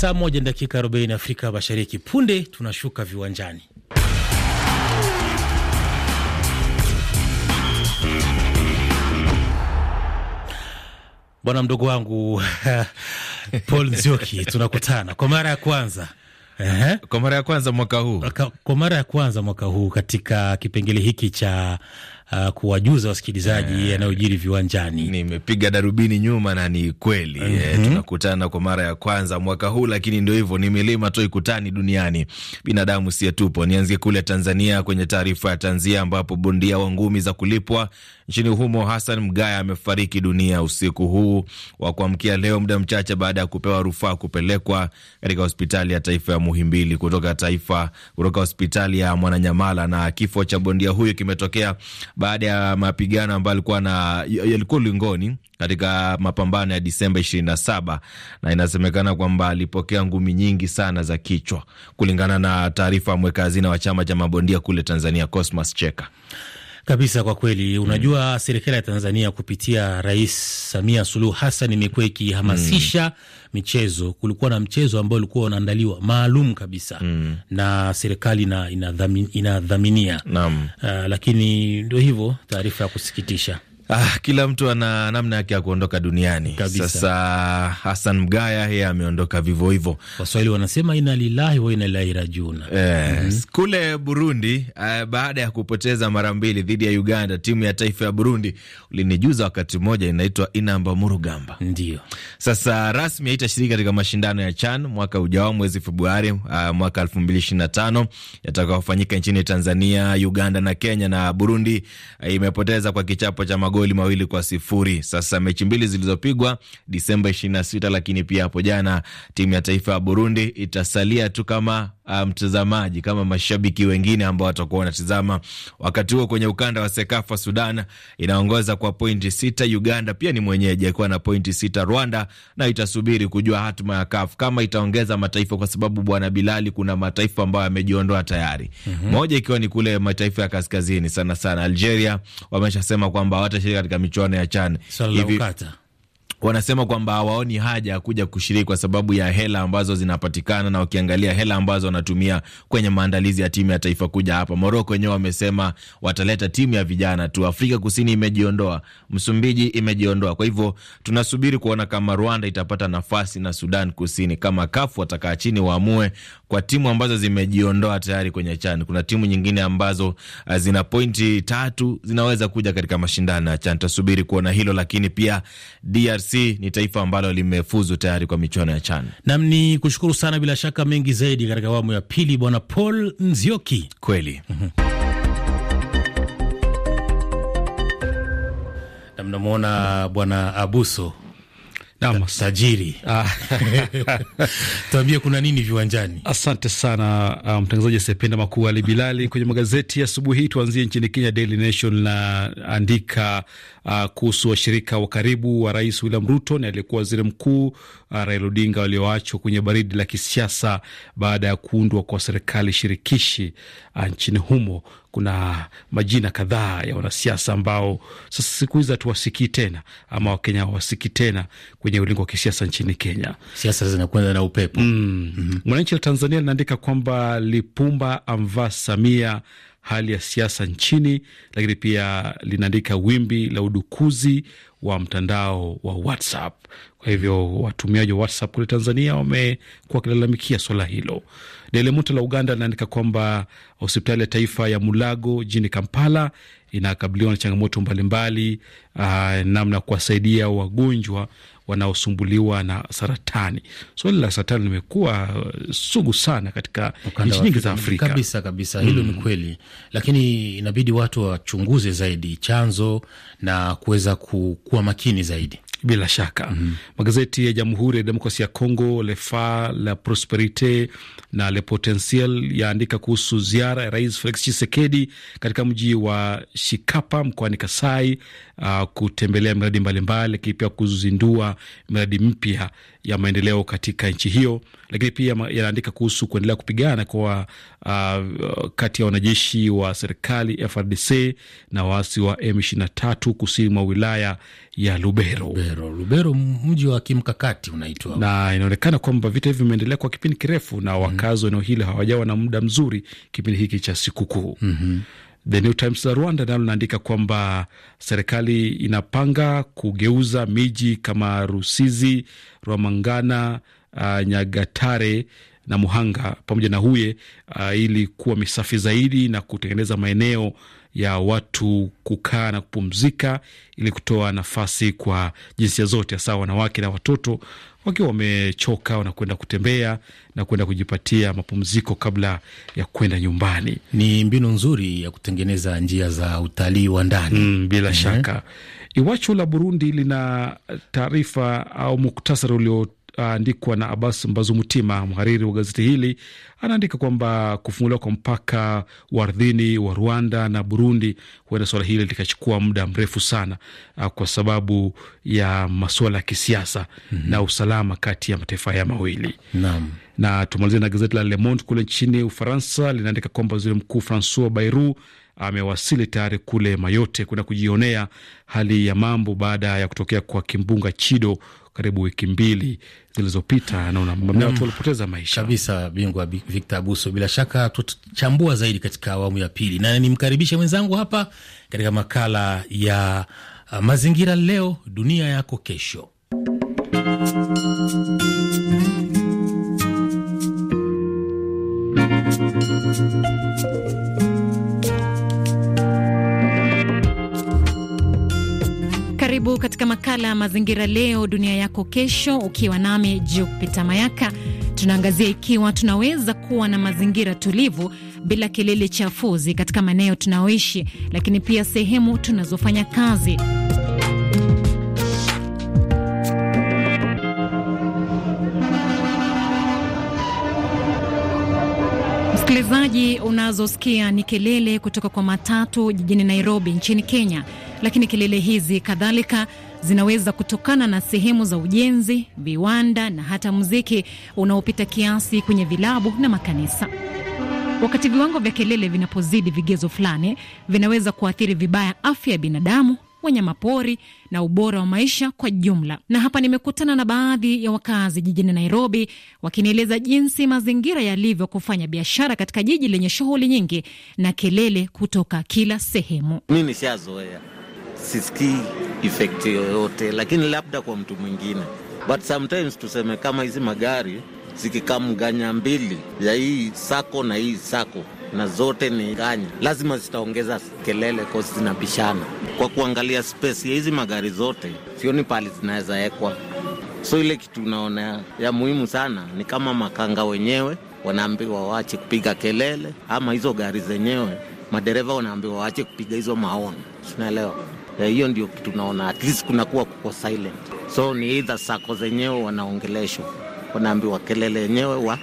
Saa moja na dakika 40 Afrika Mashariki. Punde tunashuka viwanjani bwana mdogo wangu Paul Nzioki, tunakutana kwa mara ya kwanza kwa mara ya kwanza mwaka huu, kwa mara ya kwanza mwaka huu katika kipengele hiki cha uh, kuwajuza wasikilizaji eh, yanayojiri viwanjani. Nimepiga darubini nyuma na ni kweli. mm -hmm. E, tunakutana kwa mara ya kwanza mwaka huu, lakini ndio hivyo, ni milima tu ikutani duniani, binadamu sie tupo. Nianzie kule Tanzania kwenye taarifa ya tanzia, ambapo bondia wa ngumi za kulipwa nchini humo Hassan Mgaya amefariki dunia usiku huu wa kuamkia leo, muda mchache baada ya kupewa rufaa kupelekwa katika hospitali ya taifa ya Muhimbili kutoka taifa kutoka hospitali ya Mwananyamala, na kifo cha bondia huyo kimetokea baada ya mapigano ambayo alikuwa na yalikuwa ulingoni katika mapambano ya Disemba 27 na inasemekana kwamba alipokea ngumi nyingi sana za kichwa, kulingana na taarifa ya mweka hazina wa chama cha mabondia kule Tanzania, Cosmas Cheka. Kabisa, kwa kweli mm. unajua, mm. serikali ya Tanzania kupitia Rais Samia Suluhu Hassan imekuwa ikihamasisha mm. michezo. Kulikuwa na mchezo ambao ulikuwa unaandaliwa maalum kabisa mm. na serikali inadhaminia ina uh, lakini ndio hivyo, taarifa ya kusikitisha Ah, kila mtu ana namna yake ya kuondoka duniani kabisa. Sasa Hassan Mgaya yeye ameondoka vivyo hivyo. Waswahili wanasema ina lillahi wa ina ilaihi rajiun. Yes. Eh, mm -hmm. Kule Burundi uh, baada ya kupoteza mara mbili dhidi ya Uganda, timu ya taifa ya Burundi ulinijuza wakati mmoja inaitwa Inamba Murugamba. Ndio. Sasa rasmi haitashiriki katika mashindano ya CHAN mwaka ujao mwezi Februari uh, mwaka 2025 yatakayofanyika nchini Tanzania, Uganda na Kenya na Burundi uh, imepoteza kwa kichapo cha mago magoli mawili kwa sifuri. Sasa mechi mbili zilizopigwa Disemba 26, lakini pia hapo jana timu ya taifa ya Burundi itasalia tu kama Ah, mtazamaji um, kama mashabiki wengine ambao watakuwa wanatizama wakati huo. Kwenye ukanda wa Sekafa, Sudan inaongoza kwa pointi sita. Uganda pia ni mwenyeji akiwa na pointi sita. Rwanda na itasubiri kujua hatima ya kaf kama itaongeza mataifa, kwa sababu bwana Bilali, kuna mataifa ambayo yamejiondoa tayari mm -hmm. moja ikiwa ni kule mataifa ya kaskazini sana sana. Algeria wameshasema kwamba hawatashiriki katika michuano ya CHAN hivi wanasema kwamba hawaoni haja ya kuja kushiriki kwa sababu ya hela ambazo zinapatikana, na wakiangalia hela ambazo wanatumia kwenye maandalizi ya timu ya taifa kuja hapa. Moroko wenyewe wamesema wataleta timu ya vijana tu. Afrika Kusini imejiondoa, Msumbiji imejiondoa. Kwa hivyo tunasubiri kuona kama Rwanda itapata nafasi na Sudan Kusini, kama kafu watakaa chini waamue kwa timu ambazo zimejiondoa tayari kwenye CHAN. Kuna timu nyingine ambazo eh, zina pointi tatu zinaweza kuja katika mashindano ya CHAN. Tutasubiri kuona hilo, lakini pia DRC DRC ni taifa ambalo limefuzu tayari kwa michuano ya CHAN. Nam ni kushukuru sana, bila shaka mengi zaidi katika awamu ya pili, Bwana Paul Nzioki. Kweli mhm. namnamwona Bwana Abuso Nama. Ah. tuambie kuna nini viwanjani? Asante sana ah, mtangazaji um, asiyependa makuu Ali Bilali. Kwenye magazeti asubuhi hii tuanzie nchini Kenya, Daily Nation linaandika uh, ah, kuhusu washirika wa karibu wa Rais William Ruto na aliyekuwa waziri mkuu uh, Raila Odinga walioachwa kwenye baridi la kisiasa baada ya kuundwa kwa serikali shirikishi uh, nchini humo kuna majina kadhaa ya wanasiasa ambao sasa siku hizi hatuwasikii tena, ama Wakenya hawasikii tena kwenye ulingo wa kisiasa nchini Kenya. Siasa zinakwenda na upepo. Mm. Mhm. Mwananchi mm. mm -hmm. la Tanzania linaandika kwamba Lipumba amvaa Samia hali ya siasa nchini, lakini pia linaandika wimbi la udukuzi wa mtandao wa WhatsApp. Kwa hivyo watumiaji wa WhatsApp kule Tanzania wamekuwa wakilalamikia swala hilo. Daily Monitor la Uganda linaandika kwamba hospitali ya taifa ya Mulago jini Kampala inakabiliwa na changamoto mbalimbali, ah, namna ya kuwasaidia wagonjwa wanaosumbuliwa na saratani. Swali la saratani limekuwa uh, sugu sana katika nchi nyingi za Afrika. Kabisa kabisa, hilo mm, ni kweli, lakini inabidi watu wachunguze zaidi chanzo na kuweza kuwa makini zaidi bila shaka mm -hmm. Magazeti ya Jamhuri ya Demokrasia ya congo Le Phare, La Prosperite na Le Potentiel yaandika kuhusu ziara ya Rais Felix Tshisekedi katika mji wa Shikapa mkoani Kasai, uh, kutembelea miradi mbalimbali lakini pia kuzindua miradi mpya ya maendeleo katika nchi hiyo, lakini pia yanaandika kuhusu kuendelea kupigana kwa uh, kati ya wanajeshi wa serikali FRDC na waasi wa M23 kusini mwa wilaya ya Lubero. Lubero, Lubero mji wa kimkakati unaitwa, na inaonekana kwamba vita hivi vimeendelea kwa kipindi kirefu na mhm. wakazi wa eneo hili hawajawa na muda mzuri kipindi hiki cha sikukuu. mm -hmm. The New Times la Rwanda nalo linaandika kwamba serikali inapanga kugeuza miji kama Rusizi, Rwamangana, uh, Nyagatare na Muhanga pamoja na Huye uh, ili kuwa misafi zaidi na kutengeneza maeneo ya watu kukaa na kupumzika ili kutoa nafasi kwa jinsia zote, hasa wanawake na watoto wakiwa wamechoka, wanakwenda kutembea na kwenda kujipatia mapumziko kabla ya kwenda nyumbani. Ni mbinu nzuri ya kutengeneza njia za utalii wa ndani. Mm, bila mm -hmm. shaka. Iwachu la Burundi lina taarifa au muktasari ulio andikwa na Abbas Mbazumutima, mhariri wa gazeti hili, anaandika kwamba kufunguliwa kwa mpaka wa ardhini wa Rwanda na Burundi, huenda suala hili likachukua muda mrefu sana ah, kwa sababu ya masuala ya kisiasa mm -hmm. na usalama kati ya mataifa haya mawili naam. Na tumalizia na gazeti la Le Monde kule nchini Ufaransa, linaandika kwamba waziri mkuu Francois Bayrou amewasili tayari kule Mayote kwenda kujionea hali ya mambo baada ya kutokea kwa kimbunga Chido karibu wiki mbili zilizopita, na mamia watu mm. walipoteza maisha kabisa. Bingwa Victor Abuso, bila shaka tutachambua zaidi katika awamu ya pili, na nimkaribishe mwenzangu hapa katika makala ya uh, mazingira, leo dunia yako kesho. katika makala ya mazingira leo dunia yako kesho, ukiwa nami Jupita Mayaka, tunaangazia ikiwa tunaweza kuwa na mazingira tulivu bila kelele chafuzi katika maeneo tunayoishi, lakini pia sehemu tunazofanya kazi. Msikilizaji, unazosikia ni kelele kutoka kwa matatu jijini Nairobi nchini Kenya lakini kelele hizi kadhalika zinaweza kutokana na sehemu za ujenzi, viwanda na hata muziki unaopita kiasi kwenye vilabu na makanisa. Wakati viwango vya kelele vinapozidi vigezo fulani, vinaweza kuathiri vibaya afya ya binadamu, wanyama pori na ubora wa maisha kwa jumla. Na hapa nimekutana na baadhi ya wakazi jijini Nairobi wakinieleza jinsi mazingira yalivyo kufanya biashara katika jiji lenye shughuli nyingi na kelele kutoka kila sehemu. Mimi siazoea sisikii effect yoyote, lakini labda kwa mtu mwingine, but sometimes tuseme kama hizi magari zikikamganya mbili ya hii sako na hii sako na zote ni ganya, lazima zitaongeza kelele kosi zinapishana. Kwa kuangalia space ya hizi magari zote, sioni pahali zinaweza ekwa. So ile kitu unaona ya muhimu sana ni kama makanga wenyewe wanaambiwa waache kupiga kelele, ama hizo gari zenyewe madereva wanaambiwa waache kupiga hizo maoni, sinaelewa eh, Hiyo ndio tunaona at least kunakuwa kuko silent, so ni either sako zenyewe wanaongeleshwa, wanaambiwa kelele yenyewe wa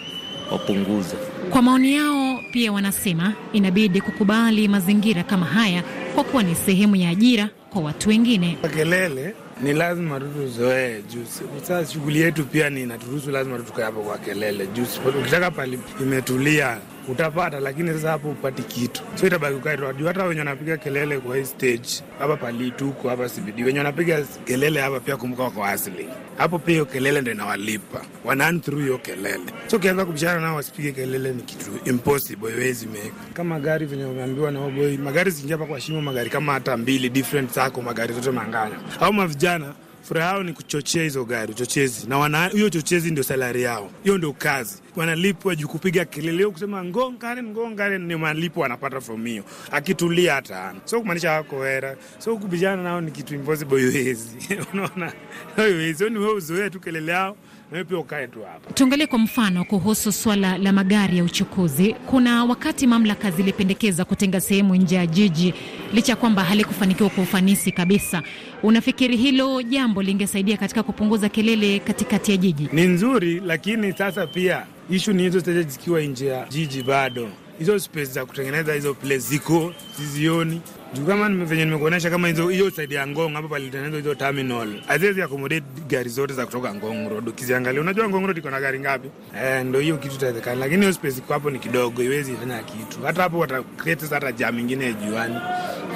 wapunguze. Kwa maoni yao pia wanasema inabidi kukubali mazingira kama haya kwa kuwa ni sehemu ya ajira kwa watu wengine. Kelele ni lazima tutuzoee juu saa shughuli yetu pia ni naturuhusu, lazima tutukae hapo kwa kelele juu ukitaka pali imetulia utapata, lakini sasa hapo upati kitu, so itabaki ukaitwajuu. Hata wenye wanapiga kelele kwa hii stage hapa palituko hapa CBD, wenye wanapiga kelele hapa pia kumbuka wako asili hapo pia, hiyo kelele ndo inawalipa wanan through hiyo kelele. So ukianza kubishana nao wasipige kelele ni kitu impossible, iwezi meka kama gari venye umeambiwa na waboi, magari zingia hapa kwa shimo, magari kama hata mbili different sako, magari zote manganya au mavijana furaha yao ni kuchochea hizo gari uchochezi, na hiyo uchochezi ndio salari yao, hiyo ndio kazi wanalipwa juu kupiga kelele, kusema ngongare ngongare, ni malipo wanapata from hiyo. Akitulia hata ana so kumaanisha wako hera, so kubijana nao ni kitu impossible, haiwezi unaona, haiwezi ni yaani wewe uzoea tu kelele yao na pia ukae tu hapa. Tuangalie kwa mfano kuhusu swala la magari ya uchukuzi. Kuna wakati mamlaka zilipendekeza kutenga sehemu nje ya jiji, licha ya kwamba halikufanikiwa kwa ufanisi kabisa. Unafikiri hilo jambo lingesaidia katika kupunguza kelele katikati ya jiji? Ni nzuri, lakini sasa pia ishu ni hizo zikiwa nje ya jiji bado hizo space za kutengeneza hizo place ziko zizioni juu kama venye nimekuonyesha, kama hizo hiyo saidi ya Ngong hapo palitengenezwa hizo terminal haziwezi accommodate gari zote za kutoka Ngong Road. Ukiziangalia unajua Ngong Road iko na gari ngapi? Eh, ndo hiyo kitu itawezekana, lakini hiyo space iko hapo ni kidogo, iwezi fanya kitu. Hata hapo wata create hata jam ingine ya juani.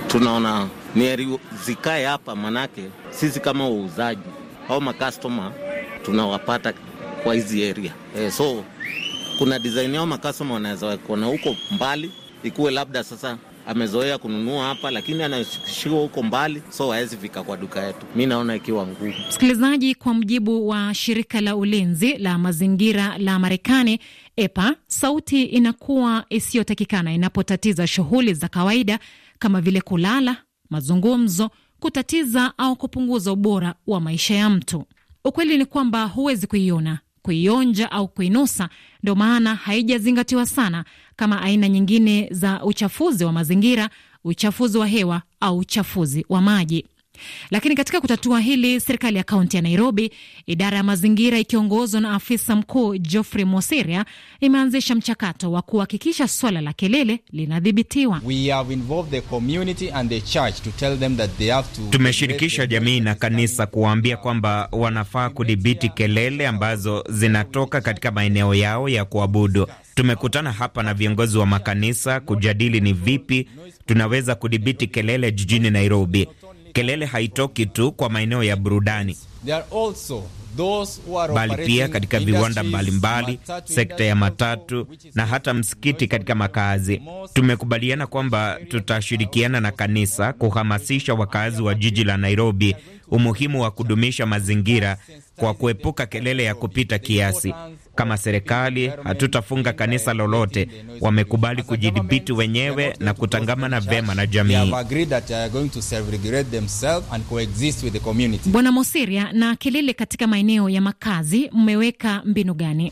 Tunaona nieri zikae hapa, manake sisi kama wauzaji au makastoma tunawapata kwa hizi area eh, so kuna design yao makasoma wanaweza kuona huko mbali, ikuwe labda sasa amezoea kununua hapa lakini anashikishiwa huko mbali, so hawezi fika kwa duka yetu. Mi naona ikiwa ngumu. Msikilizaji, kwa mjibu wa shirika la ulinzi la mazingira la Marekani EPA, sauti inakuwa isiyotakikana inapotatiza shughuli za kawaida kama vile kulala, mazungumzo, kutatiza au kupunguza ubora wa maisha ya mtu. Ukweli ni kwamba huwezi kuiona kuionja au kuinusa, ndio maana haijazingatiwa sana kama aina nyingine za uchafuzi wa mazingira, uchafuzi wa hewa au uchafuzi wa maji. Lakini katika kutatua hili, serikali ya kaunti ya Nairobi, idara ya mazingira ikiongozwa na afisa mkuu Geoffrey Mosiria, imeanzisha mchakato wa kuhakikisha swala la kelele linadhibitiwa. Tumeshirikisha jamii na kanisa kuwaambia kwamba wanafaa kudhibiti kelele ambazo zinatoka katika maeneo yao ya kuabudu. Tumekutana hapa na viongozi wa makanisa kujadili ni vipi tunaweza kudhibiti kelele jijini Nairobi kelele haitoki tu kwa maeneo ya burudani bali pia katika viwanda mbalimbali, sekta ya matatu na hata msikiti katika makazi. Tumekubaliana kwamba tutashirikiana na kanisa kuhamasisha wakazi wa jiji la Nairobi umuhimu wa kudumisha mazingira kwa kuepuka kelele ya kupita kiasi. Kama serikali hatutafunga kanisa lolote. Wamekubali kujidhibiti wenyewe na kutangamana vema na jamii. Bwana Mosiria, na kelele katika maeneo ya makazi, mmeweka mbinu gani?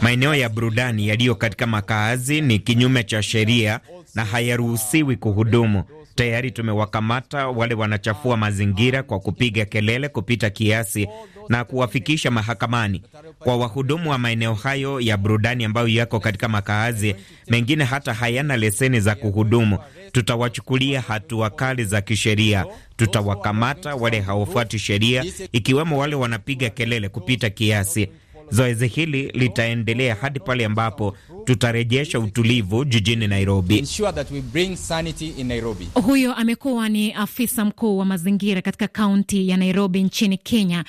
Maeneo ya burudani yaliyo katika makazi ni kinyume cha sheria na hayaruhusiwi kuhudumu. Tayari tumewakamata wale wanachafua mazingira kwa kupiga kelele kupita kiasi na kuwafikisha mahakamani. Kwa wahudumu wa maeneo hayo ya burudani ambayo yako katika makaazi mengine, hata hayana leseni za kuhudumu, tutawachukulia hatua kali za kisheria. Tutawakamata wale hawafuati sheria, ikiwemo wale wanapiga kelele kupita kiasi. Zoezi hili litaendelea hadi pale ambapo tutarejesha utulivu jijini Nairobi. Huyo amekuwa ni afisa mkuu wa mazingira katika kaunti ya Nairobi nchini Kenya.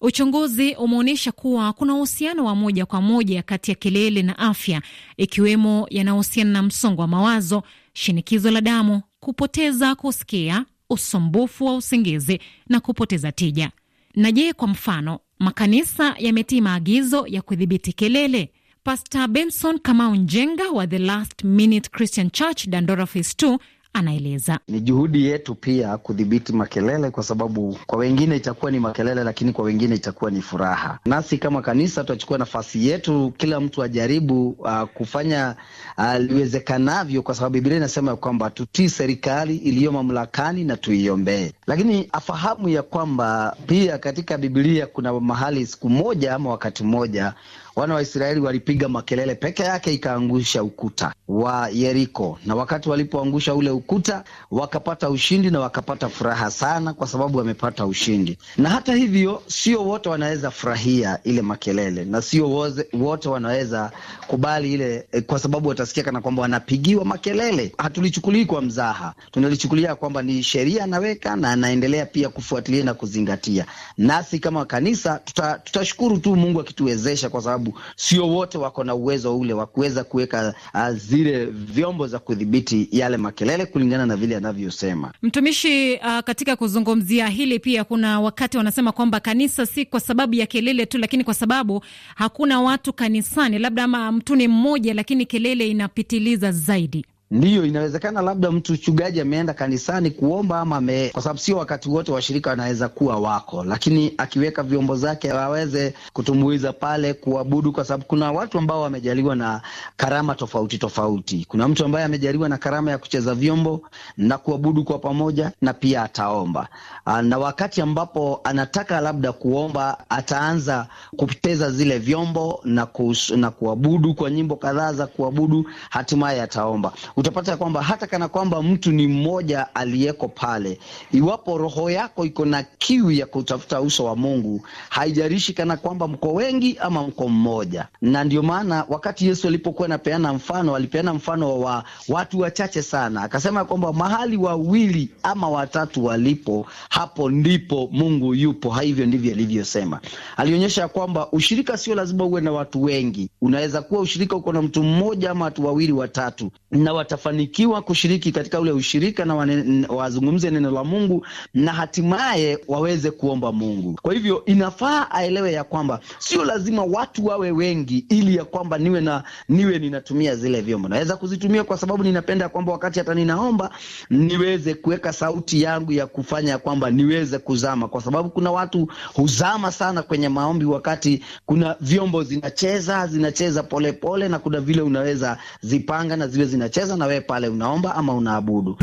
Uchunguzi umeonyesha kuwa kuna uhusiano wa moja kwa moja kati ya kelele na afya, ikiwemo yanayohusiana na msongo wa mawazo, shinikizo la damu, kupoteza kusikia, usumbufu wa usingizi na kupoteza tija. Na je, kwa mfano Makanisa yametii maagizo ya kudhibiti kelele. Pastor Benson Kamau Njenga wa The Last Minute Christian Church Dandora Phase 2 anaeleza. Ni juhudi yetu pia kudhibiti makelele, kwa sababu kwa wengine itakuwa ni makelele, lakini kwa wengine itakuwa ni furaha. Nasi kama kanisa tutachukua nafasi yetu, kila mtu ajaribu uh, kufanya ah, liwezekanavyo, uh, kwa sababu Biblia inasema ya kwamba tutii serikali iliyo mamlakani na tuiombee, lakini afahamu ya kwamba pia katika Biblia kuna mahali siku moja ama wakati mmoja wana wa Israeli walipiga makelele peke yake, ikaangusha ukuta wa Yeriko. Na wakati walipoangusha ule ukuta, wakapata ushindi na wakapata furaha sana, kwa sababu wamepata ushindi. Na hata hivyo, sio wote wanaweza furahia ile makelele, na sio wote wanaweza kubali ile, eh, kwa sababu watasikia kana kwamba wanapigiwa makelele. Hatulichukulii kwa mzaha, tunalichukulia kwamba ni sheria anaweka na anaendelea pia kufuatilia na kuzingatia. Nasi kama kanisa tutashukuru tuta tu Mungu akituwezesha, kwa sababu sababu sio wote wako na uwezo ule wa kuweza kuweka ah, zile vyombo za kudhibiti yale makelele kulingana na vile anavyosema mtumishi. Uh, katika kuzungumzia hili pia kuna wakati wanasema kwamba kanisa si kwa sababu ya kelele tu, lakini kwa sababu hakuna watu kanisani, labda ama mtu ni mmoja, lakini kelele inapitiliza zaidi. Ndiyo, inawezekana labda mtu chugaji ameenda kanisani kuomba ama me, kwa sababu sio wakati wote washirika wanaweza kuwa wako, lakini akiweka vyombo zake waweze kutumbuiza pale kuabudu, kwa sababu kuna watu ambao wamejaliwa na karama tofauti tofauti. Kuna mtu ambaye amejaliwa na karama ya kucheza vyombo na kuabudu kwa pamoja, na pia ataomba, ah, na wakati ambapo anataka labda kuomba ataanza kucheza zile vyombo na, kus, na kuabudu kwa nyimbo kadhaa za kuabudu, hatimaye ataomba utapata kwamba hata kana kwamba mtu ni mmoja aliyeko pale, iwapo roho yako iko na kiu ya kutafuta uso wa Mungu, haijarishi kana kwamba mko wengi ama mko mmoja. Na ndio maana wakati Yesu alipokuwa anapeana mfano, alipeana mfano wa watu wachache sana, akasema kwamba mahali wawili ama watatu walipo, hapo ndipo Mungu yupo. Hivyo ndivyo alivyosema. Alionyesha kwamba ushirika sio lazima uwe na watu wengi, unaweza kuwa ushirika uko na mtu mmoja ama watu wawili watatu na watu watafanikiwa kushiriki katika ule ushirika na wane, wazungumze neno la Mungu na hatimaye waweze kuomba Mungu. Kwa hivyo inafaa aelewe ya kwamba sio lazima watu wawe wengi ili ya kwamba niwe na niwe ninatumia zile vyombo. Naweza kuzitumia kwa sababu ninapenda kwamba wakati hata ninaomba niweze kuweka sauti yangu ya kufanya kwamba niweze kuzama, kwa sababu kuna watu huzama sana kwenye maombi wakati kuna vyombo zinacheza zinacheza polepole pole, na kuna vile unaweza zipanga na ziwe zinacheza na wewe pale unaomba ama unaabudu.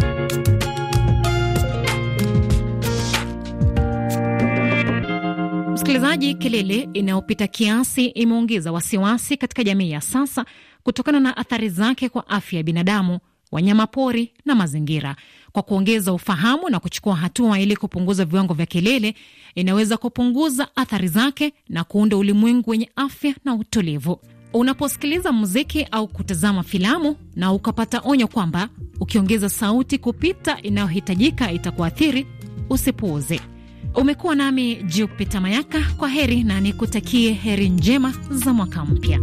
Msikilizaji, kelele inayopita kiasi imeongeza wasiwasi katika jamii ya sasa kutokana na athari zake kwa afya ya binadamu, wanyamapori na mazingira. Kwa kuongeza ufahamu na kuchukua hatua ili kupunguza viwango vya kelele, inaweza kupunguza athari zake na kuunda ulimwengu wenye afya na utulivu unaposikiliza muziki au kutazama filamu na ukapata onyo kwamba ukiongeza sauti kupita inayohitajika itakuathiri, usipuuze. Umekuwa nami Jupita Mayaka, kwa heri na nikutakie heri njema za mwaka mpya.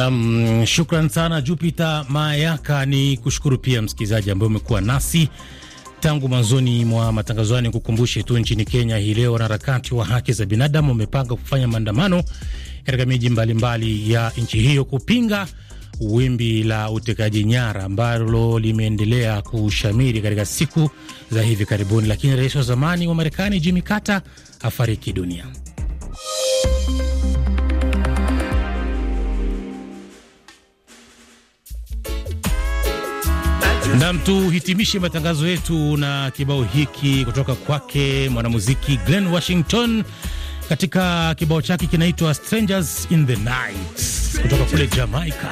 Nam, shukran sana Jupiter Mayaka. Ni kushukuru pia msikilizaji ambaye umekuwa nasi tangu mwanzoni mwa matangazo Ni kukumbushe tu nchini Kenya hii leo wanaharakati wa haki za binadamu wamepanga kufanya maandamano katika miji mbalimbali ya nchi hiyo kupinga wimbi la utekaji nyara ambalo limeendelea kushamiri katika siku za hivi karibuni, lakini rais wa zamani wa Marekani Jimmy Carter afariki dunia. Nam, tuhitimishe matangazo yetu na kibao hiki kutoka kwake mwanamuziki Glen Washington katika kibao chake kinaitwa Strangers in the Night kutoka kule Jamaica.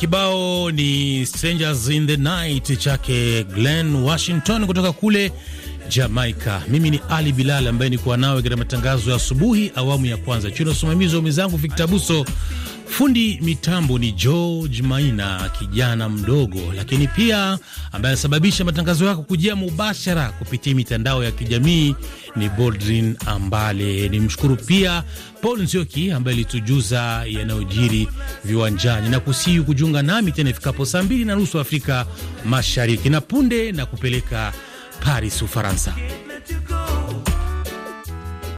kibao ni Strangers in the Night chake Glen Washington kutoka kule jamaica Mimi ni Ali Bilal ambaye nikuwa nawe katika matangazo ya asubuhi awamu ya kwanza, chini ya usimamizi wa mwenzangu Victor Buso. Fundi mitambo ni George Maina, kijana mdogo lakini pia ambaye anasababisha matangazo yako kujia mubashara kupitia mitandao ya kijamii ni Boldrin Ambale. Ni mshukuru pia Paul Nzioki ambaye alitujuza yanayojiri viwanjani na kusihi kujiunga nami tena ifikapo saa mbili na nusu Afrika Mashariki, na punde na kupeleka Paris, Ufaransa.